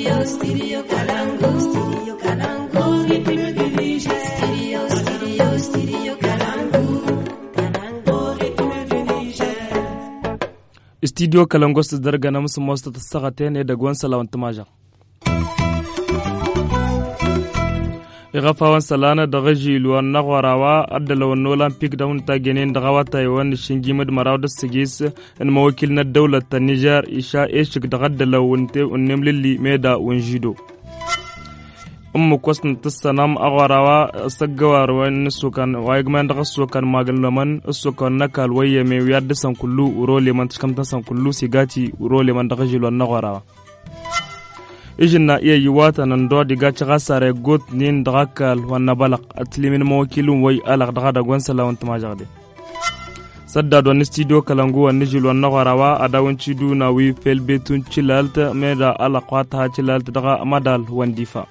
stereo, stereo calango, stereo calango. Ogni prima che dice stereo, stereo, stereo calango. Studio Kalangos dargana musu mosta ta sagate ne da gwansa lawan tumaja. ಇಗಫವನ್ ದಗ ಜಿಲು ಅನ್ನಗವರಾವ ಅಡ್ಡಲವನ್ ನೋಲಾಂ ಪಿಕ್ ಡೌನ್ ತ ಗೆನೆನ್ ದಗವ ತೈವನ್ ಶಿಂಗಿಮದ್ ಮರಾವದ ಸಿಗಿಸ್ ಅನ್ ಮವಕಿಲ್ ನ ದೌಲತ್ ತ ನಿಜಾರ್ ಇಶಾ ಏಶಕ್ ದಗಡ್ಡಲವನ್ ತೆ ಉನ್ನೆಮ್ಲಿಲ್ಲಿ ಮೇದ ಉನ್ ಜಿಡು umu kwasna tisanam agwarawa saggawarawa nisukan waigman daga sukan magan laman sukan nakal waye me wiyar disan kullu uro leman tishkamta san kullu sigati uro leman daga jilwan nagwarawa ijinna iya yiwatanan do diga cagasare got nin dagakal wanna balak atlimin mo kilum way alak dagada gwensala wantuma jagde sadda do ni studio kalangu wa nijil wa nagarawa adawun cidu na wi felbetun cilalta meda wa alak wata cilalta daga madal wandifa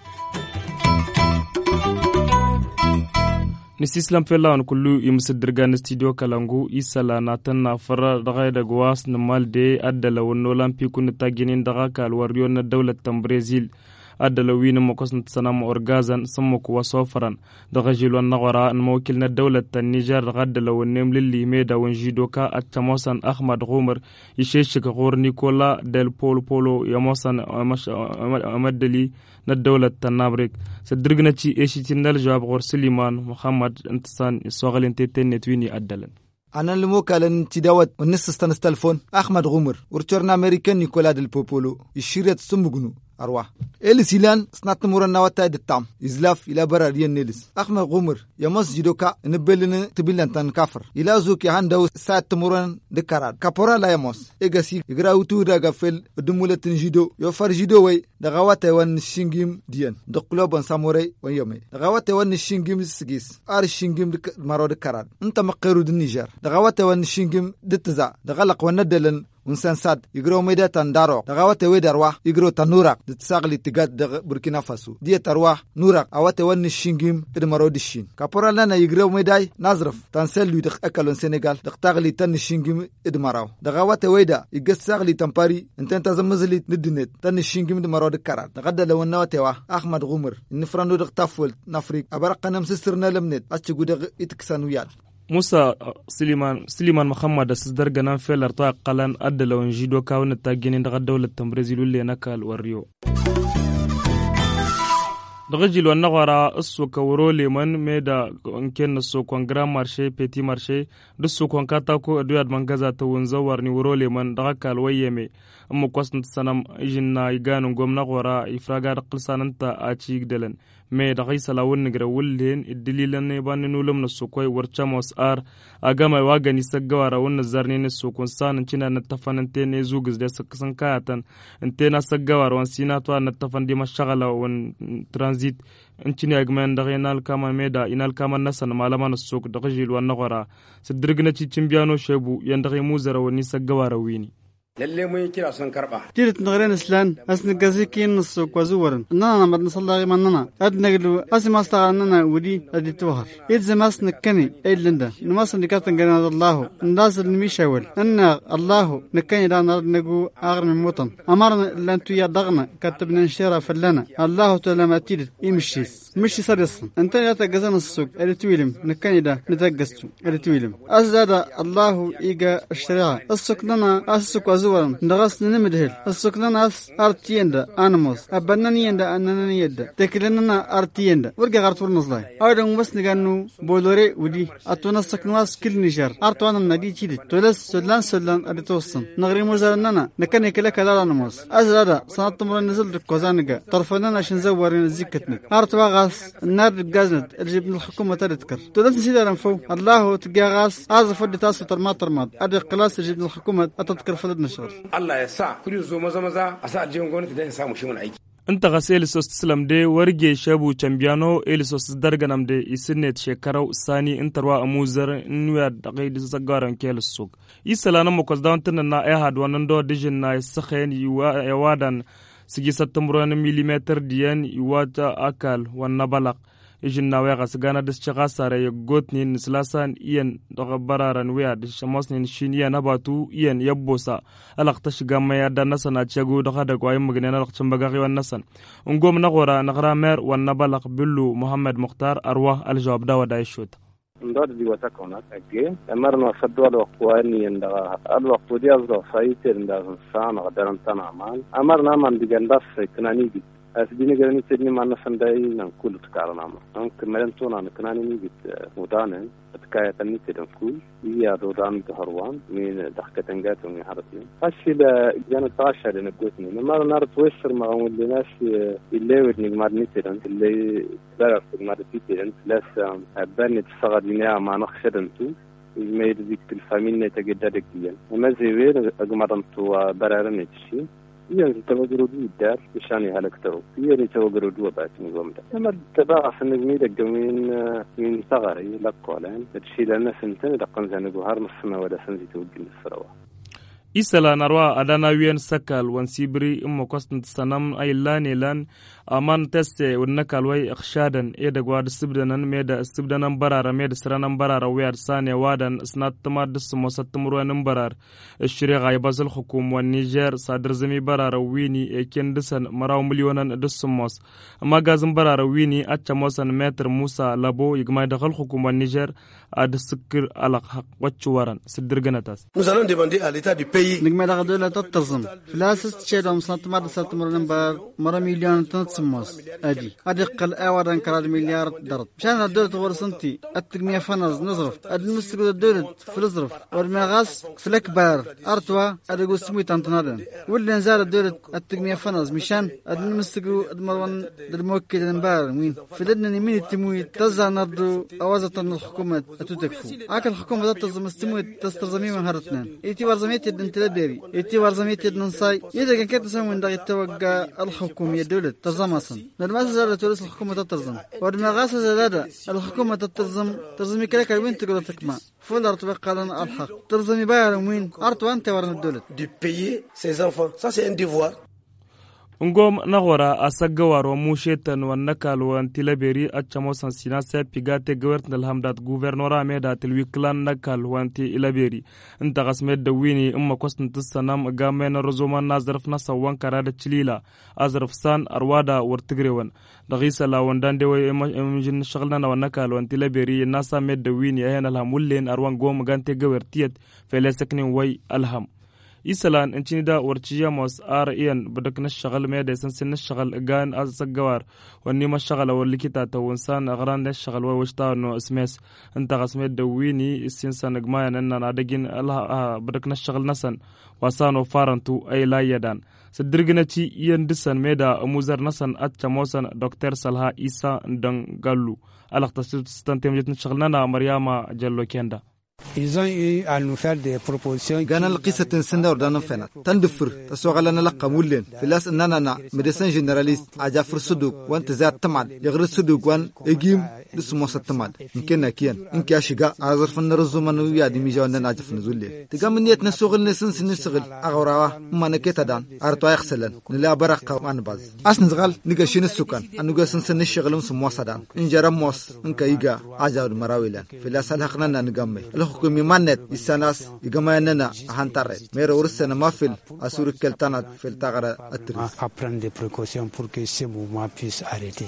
nisislam felan kullu imsidirgan studio kalangu isala natan na fara daga da gwas na malde adda lawan nolan pikun taginin daga kalwariyo na daular brazil أدلوين مقصن تسنم أرغازا سمك وصوفرا دغجل النغرا الموكلنا دولة النيجر غد لو النمل اللي ميدا ونجيدوكا أكتموسا أحمد غومر يشيشك غور نيكولا ديل بول بولو يموسا أمدلي ندولة النابريك سدرقنا تي إيشي تندل جواب غور سليمان محمد انتسان سوغل انتتين نتويني أدلن أنا الموكالن تداوت ونص ستنس تلفون أحمد غومر ورتورنا أمريكان نيكولا ديل بوبولو يشيرت سمبغنو أروى إلي سيلان سنات مورا نواتا دتام إزلاف إلى برا ريان نيلس أخما غمر يمس جدوكا نبلن تبلن تن كفر إلى زوكي يهان دو سات مورا دكارات كابورا لا يمس يموس إغاسي إغراوتو داغا فيل دمولتن جدو يوفر جدو وي دغاواتا وان شينجيم ديان دقلوبا ساموري وان يومي دغاواتا وان شينجيم سجيس أر شينجيم مارو دكارات انت مقيرو دنيجر دغاواتا وان شينجيم دتزا دغلق وندلن unsansad igro mede tan darok dagawate wedarwa igro ta nurak ditsagli tigat dag burkina faso diyetarwa nurak awate wani shingim idmaro dishin kaporal nana igro medai nazraf tan sellu dag ekalon senegal dag tagli tan shingim idmaraw dagawate weda igasagli sagli tampari inten ta zamazli nidinet tan shingim idmaro dikarat dagadda lawannawatewa ahmad gumr nifranu dag tafwelt nafrik abarqanam sisirna lemnet achigu dag itksanuyal Musa uh, Siliman, Siliman Muhammad da su darga nan felar ta kalan adda lawan jido kawunan ta ginin daga daular tambrazil ulle na kalwar Rio. dagajil wannan wara su kawuro leman me da ken su kon grand marché petit marché duk su kon katako aduyad mangaza ta wunzawar ni wuro leman daga kalwaye me amma kwasnta sanam ijinna iganu gomna gora ifragar qilsananta achi gdelen me dakhisa lawun nigra wullen idililan ne ban na warchamos ar agama wagani saggawara wunna zarne sukun sanan cina na tafanante ne zugis da saksan kayatan intena wan transit incini agmen da inal kama meda inal kama nasan malama na suk da khijil wan nagora sidirgna cicin biyano shebu yan da mu zara wani lalle mun yi kira sun karba tirit nagren islan asni gazi kin nusu kwazu waran nana mad nasallahi manana ad naglu asimas ta nana wudi adi tuwar id zamas nakani ilinda numas nikatan gana allah ndas nimi shawal anna allah nakani da nar nagu agar min mutan amarna lan tu ya dagna katabna shira fallana allah ta'ala ma tirit imshis مش سرس انت لا تجزن السوق اللي تويلم نكني ده نتجستو اللي تويلم ازاد الله ايجا الشريعه السوق لنا السوق ازو زورم نغس نمدهل السكنة ناس أرتيندا أنموس أبنان يندا أننان يدا تكلننا أرتيندا ورجع غرطور نزلاي أيضا بس نجنو بولوري ودي أتونا السكنة ناس كل نجار أرتوانا نادي تيد تولس سلان سلان أرتوسن نغري مزارنا نكن يكلا كلا أنموس أزرادا سنة تمر نزل كوزانجا طرفنا نشن زور نزكتنا أرتوا غاس نار الجزنة الجب الحكومة تذكر تولس سيدا فو الله تجاغاس أزفر دتاس ترمات ترمات أدي قلاس الجب الحكومة أتذكر فلدنش Allah ya sa kudi zo maza maza a sa aljihun gwamnati dan samu shi wani aiki intaxas elisos tislamde warge shabu cambiano elisos darganamde isinet shekarau sani intarwa amuzar nuyar daqaydis zagaran kelsug isalana mokos dawantina na ehad wanando dijin na isakhen sigi sattamuran milimetar diyan iwata akal wanna balak ijinawexas gana discaxasare yogotnin nislasan iyan doxabararan wea dishamosnin shin iyan habatu iyan yabosa alaqtashgamaya nasanacagu doxadagwayo magnen alaqcambagaxiwan nasan ungom naxora naxra mer wannabalaq bilu mohamed mukhtar arwa aljawab dawadaishota ndod di wata kona tagge amar no fadwa lo kwani nda alwa kudi azdo faiter nda sana qadaran tanamal amar naman diganda fitnani أسبيني جاني سيدني ما نفهم أنا نان نعم كل تكارا ناما نان كمالن أنا نكناني ني بيت مودانا تكايا تاني أنا كل بيا دودان تهروان مين دخكة أنا ومي حرسين هاشي لا جانا تاشا أنا كوتني نما نار تويسر ما عمو اللي ناس اللي ودني مار ني سيدن اللي تبارك في مار تي سيدن لاس أباني تصغى دينيا ما نخشدن تو ويميد ديك الفامينة تجددك ديان وما زيوير أقمرن تو برارن تشين iyayen tabagarodi dar bishani halaktaro iyayen tabagarodi wa batin gomda amma tabaqa sanagmi daga min min sagari laqolan tadshi lana santan daqan zanagu har nasna wala sanzi tawgin sarawa isala narwa adana wiyan sakal wan sibri imma kostan sanam ay lan lan aman teste wonna kalwai akhshadan eda gwad sibdanan meda sibdanan barara meda siranan barara wiyar sane wadan snat tamad sumo satmruanan barar shiri ghaibazul hukum wa niger sadar zami barara wini eken disan maraw milyonan dusumos magazin barara wini acca mosan metr musa labo igmay dakhal hukum wa niger ad sikir alaq haq waccu waran sidirganatas nous allons demander à l'état du pays nigmay dakhal la tatazm flasist chedam satmad satmruanan bar mara milyonan tat سموس أدي أدقل أوراً كراد مليار درد مشان الدولة ورسنتي التقنية فنز نظرف أد المستقبل الدولة فلزرف والمغاس فلك بار أرتوا أدقو سمي تنتنادن واللي نزال الدولة التقنية فنز مشان أد المستقبل المروان الموكد نبار وين فددنا من التمويل تزع نردو أوازة الحكومة أتوتكفو عاك الحكومة ذات تزم استمويل تسترزمي من هرتنا إيتي ورزميت يدن تلابيري إيتي ورزميت يدن صاي إذا كان كتسمون داغي توقع الحكومية الدولة تزم مثلا للمؤسسة التي تورس الحكومة تترزم ورنا غاس زادة الحكومة تترزم ترزمي كلاك وين تقول تكما فول ارتباق قالنا الحق ترزمي بايرن وين ارتو انت ورنا الدولة دي بيي سيز انفان سا سي ان ديفوار ngom naxora asagawaro mushetan wannakalwan tilaberi acamosan sinase pigate gawertnal hamdat guvernora datil wiklan nakal wanti ilaberi intaqasmed dawini imma kosnta sanam gamena rozomana zarfna sawan karada cilila azarf san arwada wartigrewan daqisa lawandandewe imjin shaqlnana wannakal wanti ilaberi nasa med dawini ahenalham wullen arwan gom gante gawertiyat felesaknin way alham Islan incinida warciyamos ar iyan badak na mede san sin gan az sagawar wani ma shagal awal likita ta smes anta qasmed dawini isin san adagin alaha badak na nasan wasan farantu ay layadan sadirginaci iyan disan meda muzar nasan acamosan dokter salha isa dangalu alaqta sistantemjitna maryama jallo kenda ganan qisatan sandawrdanan fena tan dufur tasoqalana laqam wulen filas inanana medecin generalist aja fursudug wan tazat tamad liqrid sudug wan egim ismo sattamad inkena kiyan inki ashiga azarfan narzuma nu yadi mi jawan na jafan zulle tiga miniyat na sugil ne sin sin sugil agawrawa mana ketadan arto ayxsalan nila baraqa an baz asn zgal niga shin sukan anuga sin sin shigilum sumo sadan injara mos inka iga azawd marawilan fila sal haqna na nigamme al hukumi mannet isanas igamayna na hantare mera ursana mafil asur keltanat fil tagara atris à prendre des précautions pour que ce mouvement puisse arrêter.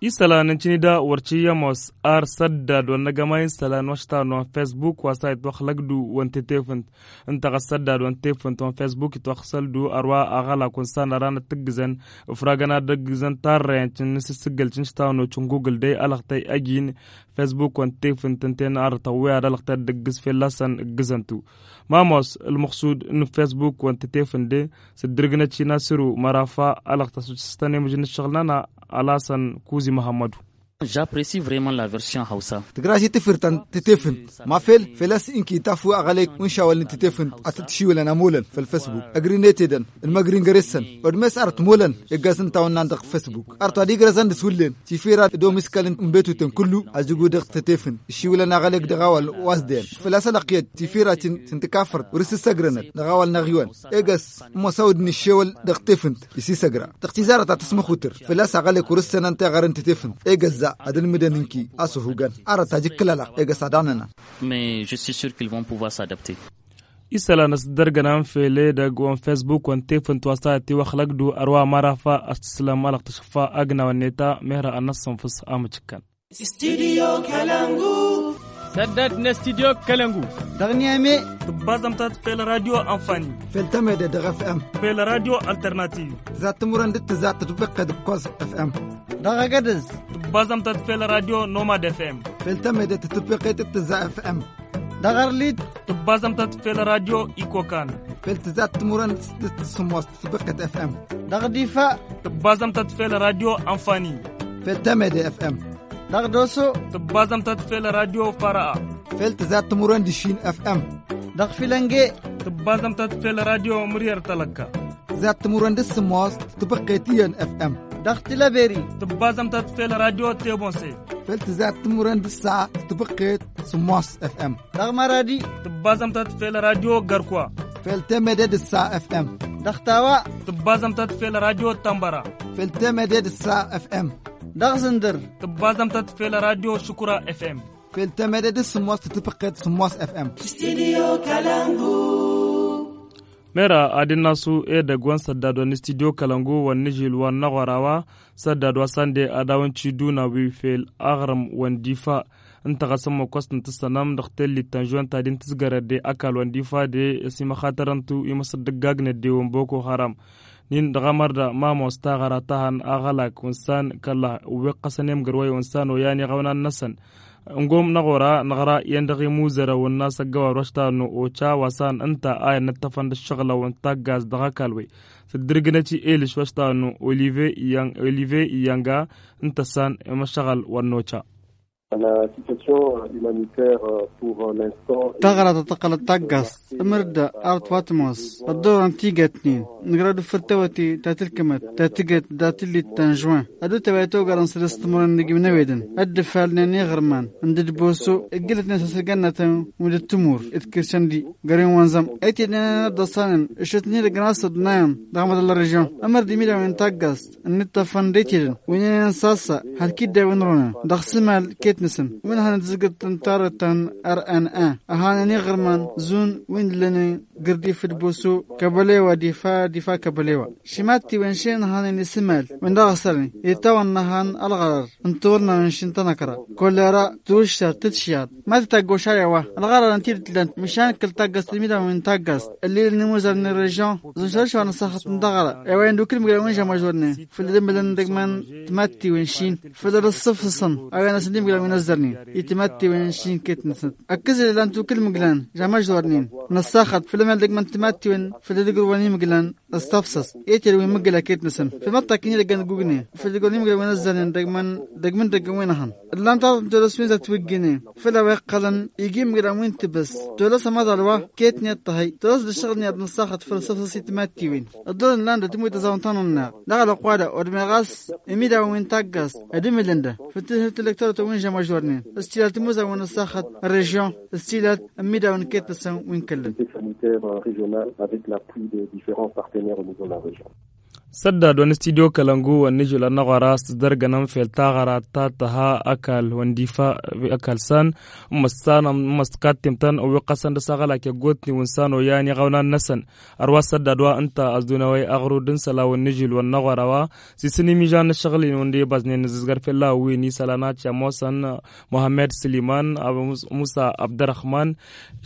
Isala nan cini da warci yamos ar sadda don na gama sala no shta no Facebook wa site wa khlagdu wan in inta ga sadda don tefent on Facebook to khsaldu arwa agala kun sana rana tigzan fragana digzan tarren cin sigal cin shita no cin Google dai alaqtai agin Facebook wan tefent tenten ar da dalaqta digz fi lasan gizantu ماموس المقصود إن فيسبوك وانت تفندي سدرجنا تشينا سرو مرافا على اختصاص تاني مجنة شغلنا على سن كوزي محمدو J'apprécie vraiment la version Hausa. Tigraji tifirtan titifin. Ma fel felas inki tafu agalek un shawalin titifin atatshiyulan amulan fil Facebook. Agrinetidan المجرين جرسن ودمس ارت مولن يغازن تاون عندك فيسبوك ارتو دي غرزن دسولين تيفيرا دو مسكلن امبيتو تن كلو ازغو دغ تتفن شيولن اغلق دغاول واسدين فلاس لقيت تيفيرا تن تنتكافر ورس سغرنت دغاول نغيون اغس مو سود نشول دغ تفنت يسي سغرا تختزارة تسمخوتر فلاس اغلق ورسن انت غرن تتفن اغز visa adil midaninki asu hugan ara taji kilala ega sadanana mais je suis sûr qu'ils vont pouvoir s'adapter isala nas darganan fele dag wan facebook wan tefan twasa ti wakhlak du arwa marafa aslam alaq tashfa agna wan neta mehra anas sanfus amachikan studio kalangu sadat na studio kalangu dagniya me bazam tat fel radio amfani fel tame da daga fm fel radio alternative zat muran dit zat tubqa da kos fm daga gadas بازم تتفل راديو نوماد اف ام دي تتفقي تتزا اف ام ليد تبازم تتفل راديو ايكو كان تزا تمورن تتسموس تتفقي اف ام ديفا تبازم تتفل راديو انفاني تم دي اف ام دوسو تبازم تتفل راديو فرا فلتزات تمرن دشين اف ام دغفلنجي تبازم تتفل راديو مرير تلقى زات تمرن دسموس تتفقي تيان اف ام دختلا بيري تبازم تتفيل راديو تيبونسي فلتزات تمرن بالساعة تبقيت سموس اف ام رغم رادي تبازم تتفيل راديو قركوا فلتمدد الساعة اف ام دختاوا تبازم تتفيل راديو تمبرا فلتمدد الساعة اف ام دغزندر تبازم تتفيل راديو شكرا اف ام فلتمدد سموس تتبقيت سموس اف ام استديو كالانبو mera adina su e de gwan saddado ni studio kalangu wanni jil wan nagwarawa saddado sande adawanci duna wi fel agram wan difa intaxa sama kwastin ti sanam daxtel li tanjuan tadin tisgara de akal wan difa de sima khatarantu ima sadagagne de wan boko haram nin dagamarda mamos taxara tahan axalak wansan kala uwe qasanem garway wansan oyani xawnan nasan ngom naqora naqara yandaqi muzara wanna sagawa rashta no ocha wasan anta ay natafanda shaqla wanta gas daga kalwe sadirganachi elish washta no olive yang olive yanga intasan mashaqal wanocha تغرد تقل تاقص مرد euh, أرض فاتموس الدور انتيقة اتنين نقرأ فرتوتي تاتلكمت تاتقت داتلي التنجوان أدو تبايتو قرن سلستمر من ويدن أدفع لنني غرمان اندد بوسو اقلت ناس سرقنا ود التمور اتكرشن لي قرين وانزم ايتي لنا ندسان اشتني لقناس دنايم دغمة الله رجون أمر دي ميلا من تقص النتا فان ريتيرن وينين نساسا هالكيد دايوان رونا دخسمال كيت نسم وين هان تزقت تنطارتن ار ان ان إيه؟ هان نغرمان زون وين لنين قردي في البوسو كبليوة دفاع دفاع كبليوة شماتي ونشين هان نسمال من دا غسرني يتوان نهان الغرر انتورنا ونشين تنكرا كل را توشتا تتشياد ما تتاقو شاريوة الغرر انتير تلان مشان كل تاقس الميدا من تاقس اللي النموزة من الرجون زنشارش وانا ساخت من دغرا ايوان دو كل مقرأ ونجا مجورني في الدم بلان دقمان تماتي ونشين في در الصف الصن ايوان سندي مقرأ منزرني يتماتي ونشين كيت نسد اكزل لان دو كل مقرأ جا مجورني نساخت في تمن إيه لك من في فددقر وني مقلن استفسس يتر وين مقلا كيت نسم في مطا كيني لقن قوقني فدقر ني مقلا ونزلن دقمن دقمن وين هن اللام تعرف جلس وين زت وجني في فلا قلن يجي مقلا وين تبس جلس ما لوا كيت نيت الطهي جلس للشغل ني بنصاخت فلسفة سيتماتي وين الدور اللان دتموي تزاونتان النار لا لا قوالا ودمغاس اميدا وين تاقس ادمي لندا تهت الكتور توين جا جورني استيلات موزا وين ونصاخت الريجيون استيلات اميدا وين كيت نسم وين كلن Euh, régional avec l'appui des différents partenaires au niveau de la région. saddad wani studio kalangu wani jula na gwara su darga nan felta gara ta ta ha akal wandifa akal san masana maskat timtan o wi qasan da sagala ke gotni wun sano yani gauna nasan arwa saddad wa anta azduna wai agru din sala wani jul wani na gwara wa si sini mi jan shagli wani bazne ni zizgar fella wi ni salana cha mosan mohamed siliman abu musa abdurrahman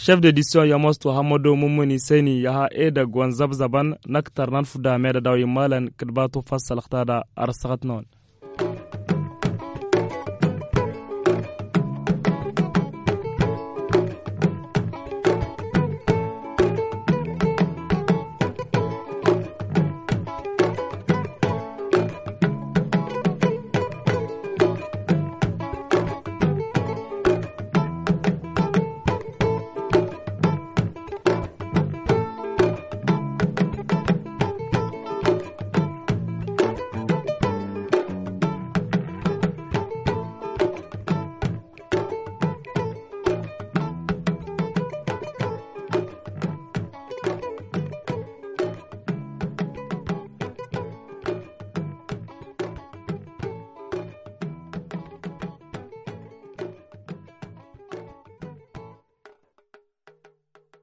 chef d'édition ya mosto hamado mumuni seni ya ha eda gwan zabzaban naktar nan fuda me da dawi malan كدباتو فصل اختار ارسغت نون